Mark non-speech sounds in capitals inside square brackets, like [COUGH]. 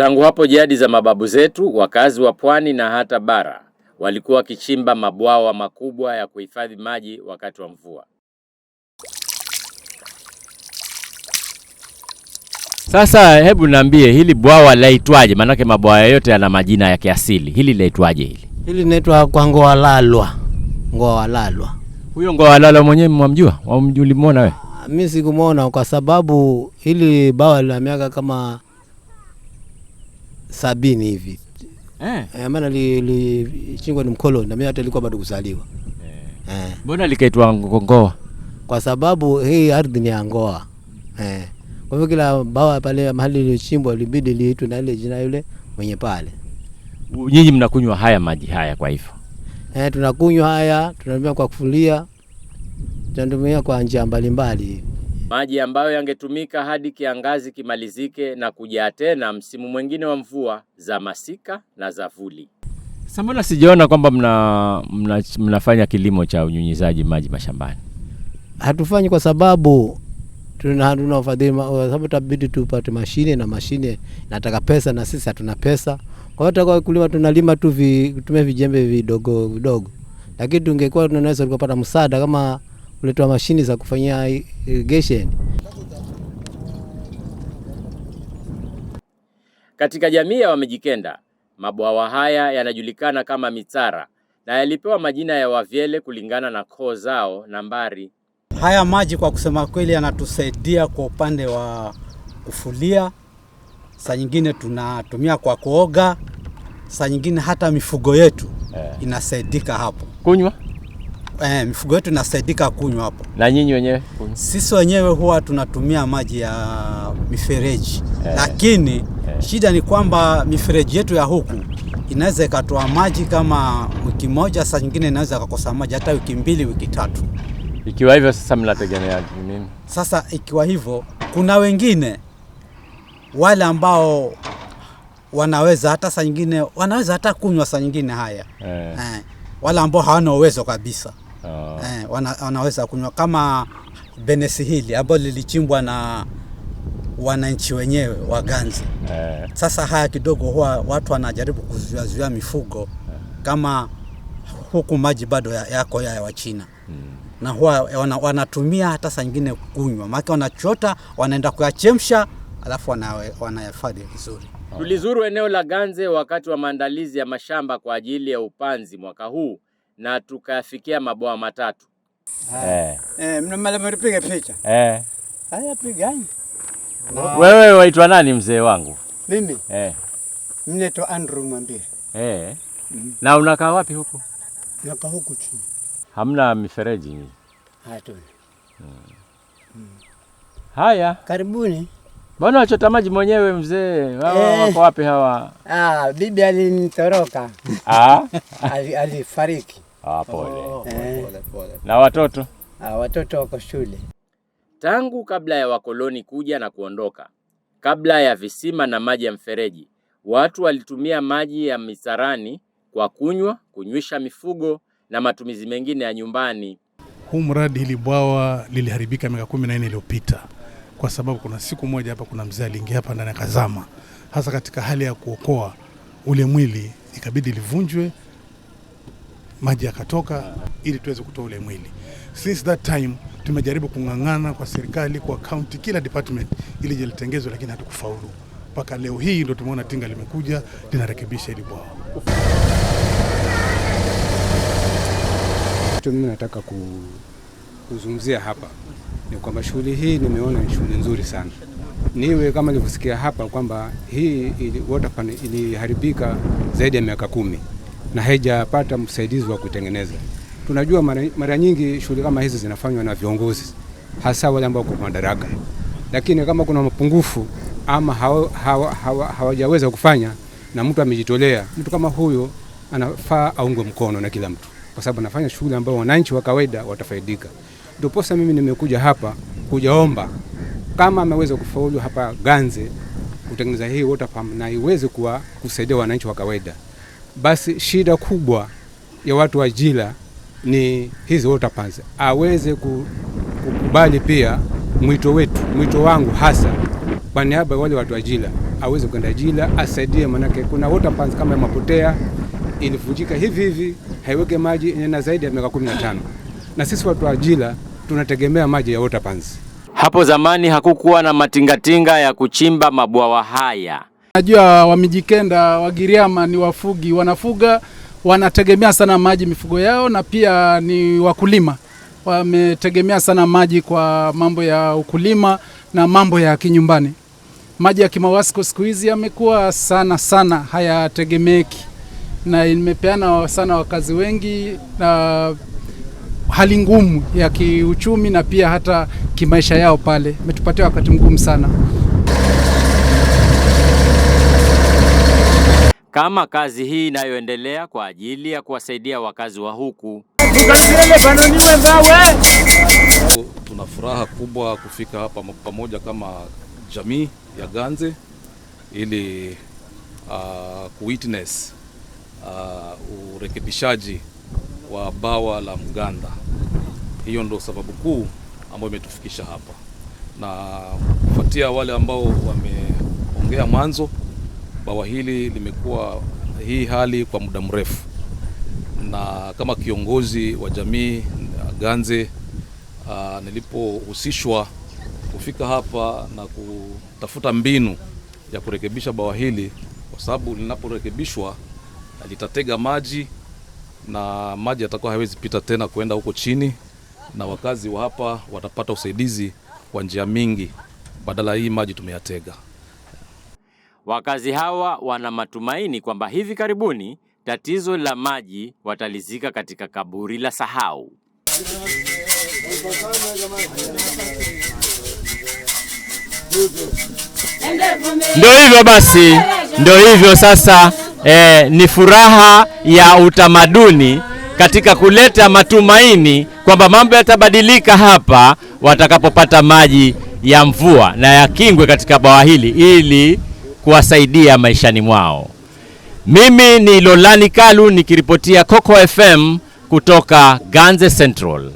Tangu hapo jadi za mababu zetu, wakazi wa pwani na hata bara walikuwa wakichimba mabwawa makubwa ya kuhifadhi maji wakati wa mvua. Sasa hebu niambie hili bwawa laitwaje? Maanake mabwawa yote yana majina ya kiasili. Hili laitwaje? Hili hili linaitwa kwa Ngoa walalwa huyo ngoa walalwa mwenyewe mwamjua? Ulimwona wewe? Mimi ah, sikumwona kwa sababu hili bwawa la miaka kama sabini hivi eh. Eh, maana lilichingwa li, ni mkoloni na mimi hata nilikuwa bado kuzaliwa eh. eh. Mbona likaitwa Ngoa? Kwa sababu hii ardhi ni ya Ngoa eh. Kwa hivyo kila bawa pale mahali lilichimbwa libidi liitwe na ile jina yule mwenye pale. Nyinyi mnakunywa haya maji haya, kwa hivyo eh, tunakunywa haya, tunatumia kwa kufulia, tunatumia kwa njia mbalimbali maji ambayo yangetumika hadi kiangazi kimalizike na kujaa tena msimu mwingine wa mvua za masika na za vuli. Sasa sijaona kwamba mna, mna, mnafanya kilimo cha unyunyizaji maji mashambani? Hatufanyi kwa sababu tuna ufadhili, kwa sababu tabidi tupate mashine na mashine nataka pesa na sisi hatuna pesa. Kwa hiyo tutakuwa kulima tunalima tu vi, tumia vijembe vidogo vidogo, lakini tungekuwa tunaweza tukapata msaada kama kuletwa mashini za kufanyia irrigation. Katika jamii ya Wamijikenda, mabwawa haya yanajulikana kama mitara na yalipewa majina ya wavyele kulingana na koo zao nambari. Haya maji kwa kusema kweli yanatusaidia kwa upande wa kufulia, saa nyingine tunatumia kwa kuoga, saa nyingine hata mifugo yetu eh. inasaidika hapo kunywa eh, mifugo yetu inasaidika kunywa hapo. Na nyinyi wenyewe? Sisi wenyewe huwa tunatumia maji ya mifereji eh, lakini eh, shida ni kwamba mifereji yetu ya huku inaweza ikatoa maji kama wiki moja, saa nyingine inaweza kukosa maji hata wiki mbili, wiki tatu. Ikiwa hivyo sasa, mnategemea nini? Sasa ikiwa hivyo, kuna wengine wale ambao wanaweza hata saa nyingine wanaweza hata kunywa saa nyingine haya eh. Eh, wale ambao hawana uwezo kabisa oh. Eh, wana, wanaweza kunywa kama benesi hili ambalo lilichimbwa na wananchi wenyewe Waganzi eh. Sasa haya kidogo huwa watu wanajaribu kuzuiazuia mifugo eh. Kama huku maji bado yako ya, ya Wachina hmm. Na huwa wana, wanatumia hata saa nyingine kunywa, maana wanachota wanaenda kuyachemsha alafu wanayahifadhi vizuri. Tulizuru eneo la Ganze wakati wa maandalizi ya mashamba kwa ajili ya upanzi mwaka huu na tukafikia mabwawa matatu. Eh. Eh, Mnapiga picha eh. haya, pigani. Wewe waitwa nani mzee wangu? Mimi eh. Mimi naitwa Andrew Mwambire. Eh. Mm. Na unakaa wapi huko? Nakaa huku chini. Hamna mifereji nyinyi? Hatuna. Hmm. Haya. Karibuni. Mbona wachota maji mwenyewe mzee? Wao eh, wako wapi hawa? Ah, bibi alinitoroka. Ah. [LAUGHS] Alifariki. Ah, pole. Oh, eh. Pole, pole. Na watoto? Ah, watoto wako shule. Tangu kabla ya wakoloni kuja na kuondoka, kabla ya visima na maji ya mfereji, watu walitumia maji ya misarani kwa kunywa, kunywisha mifugo na matumizi mengine ya nyumbani. Huu mradi hili bwawa liliharibika miaka kumi na nne iliyopita kwa sababu kuna siku moja hapa kuna mzee aliingia hapa ndani akazama, hasa katika hali ya kuokoa ule mwili, ikabidi livunjwe maji yakatoka ili tuweze kutoa ule mwili. Since that time tumejaribu kung'ang'ana kwa serikali, kwa kaunti kila department ili jilitengezwe, lakini hatukufaulu. Mpaka leo hii ndo tumeona tinga limekuja linarekebisha ili bwawa. Mimi nataka kuzungumzia hapa ni kwamba shughuli hii nimeona ni shughuli nzuri sana. Niwe kama nilivyosikia hapa kwamba hii water pan iliharibika zaidi ya miaka kumi na haijapata msaidizi wa kutengeneza. Tunajua mara nyingi shughuli kama hizi zinafanywa na viongozi, hasa wale ambao kwa madaraka, lakini kama kuna mapungufu ama hawajaweza hawa, hawa, hawa kufanya na mtu amejitolea, mtu kama huyo anafaa aungwe mkono na kila mtu, kwa sababu anafanya shughuli ambayo wananchi wa kawaida watafaidika. Ndiposa mimi nimekuja hapa kujaomba kama ameweza kufaulu hapa Ganze kutengeneza hii water pump na iweze kuwa kusaidia wananchi wa kawaida basi shida kubwa ya watu wa jila ni hizi water pans. Aweze kukubali pia mwito wetu, mwito wangu hasa kwa niaba ya wale watu wa Jila, aweze kwenda jila asaidie, manake kuna water pans kama mapotea ilivujika hivi hivi, haiweke maji na zaidi ya miaka 15 na sisi watu wa Jila tunategemea maji ya water pans. Hapo zamani hakukuwa na matingatinga ya kuchimba mabwawa haya. Najua Wamijikenda, Wagiriama ni wafugi, wanafuga, wanategemea sana maji mifugo yao, na pia ni wakulima, wametegemea sana maji kwa mambo ya ukulima na mambo ya kinyumbani. Maji ya Kimawasco siku hizi yamekuwa sana sana hayategemeki na imepeana sana wakazi wengi na hali ngumu ya kiuchumi na pia hata kimaisha yao pale, imetupatia wakati mgumu sana. kama kazi hii inayoendelea kwa ajili ya kuwasaidia wakazi wa huku. Tuna furaha kubwa kufika hapa pamoja kama jamii ya Ganze ili uh, kuwitness uh, urekebishaji wa bawa la Mganda. Hiyo ndio sababu kuu ambayo imetufikisha hapa, na kufuatia wale ambao wameongea mwanzo bawa hili limekuwa hii hali kwa muda mrefu, na kama kiongozi wa jamii Ganze ah, nilipohusishwa kufika hapa na kutafuta mbinu ya kurekebisha bawa hili, kwa sababu linaporekebishwa litatega maji na maji yatakuwa hawezi pita tena kuenda huko chini, na wakazi wa hapa watapata usaidizi kwa njia mingi, badala hii maji tumeyatega. Wakazi hawa wana matumaini kwamba hivi karibuni tatizo la maji watalizika katika kaburi la sahau. Ndio hivyo basi, ndio hivyo sasa. Eh, ni furaha ya utamaduni katika kuleta matumaini kwamba mambo yatabadilika hapa watakapopata maji ya mvua na yakingwe katika bwawa hili ili kuwasaidia maishani mwao. Mimi ni Lolani Kalu nikiripotia Coco FM kutoka Ganze Central.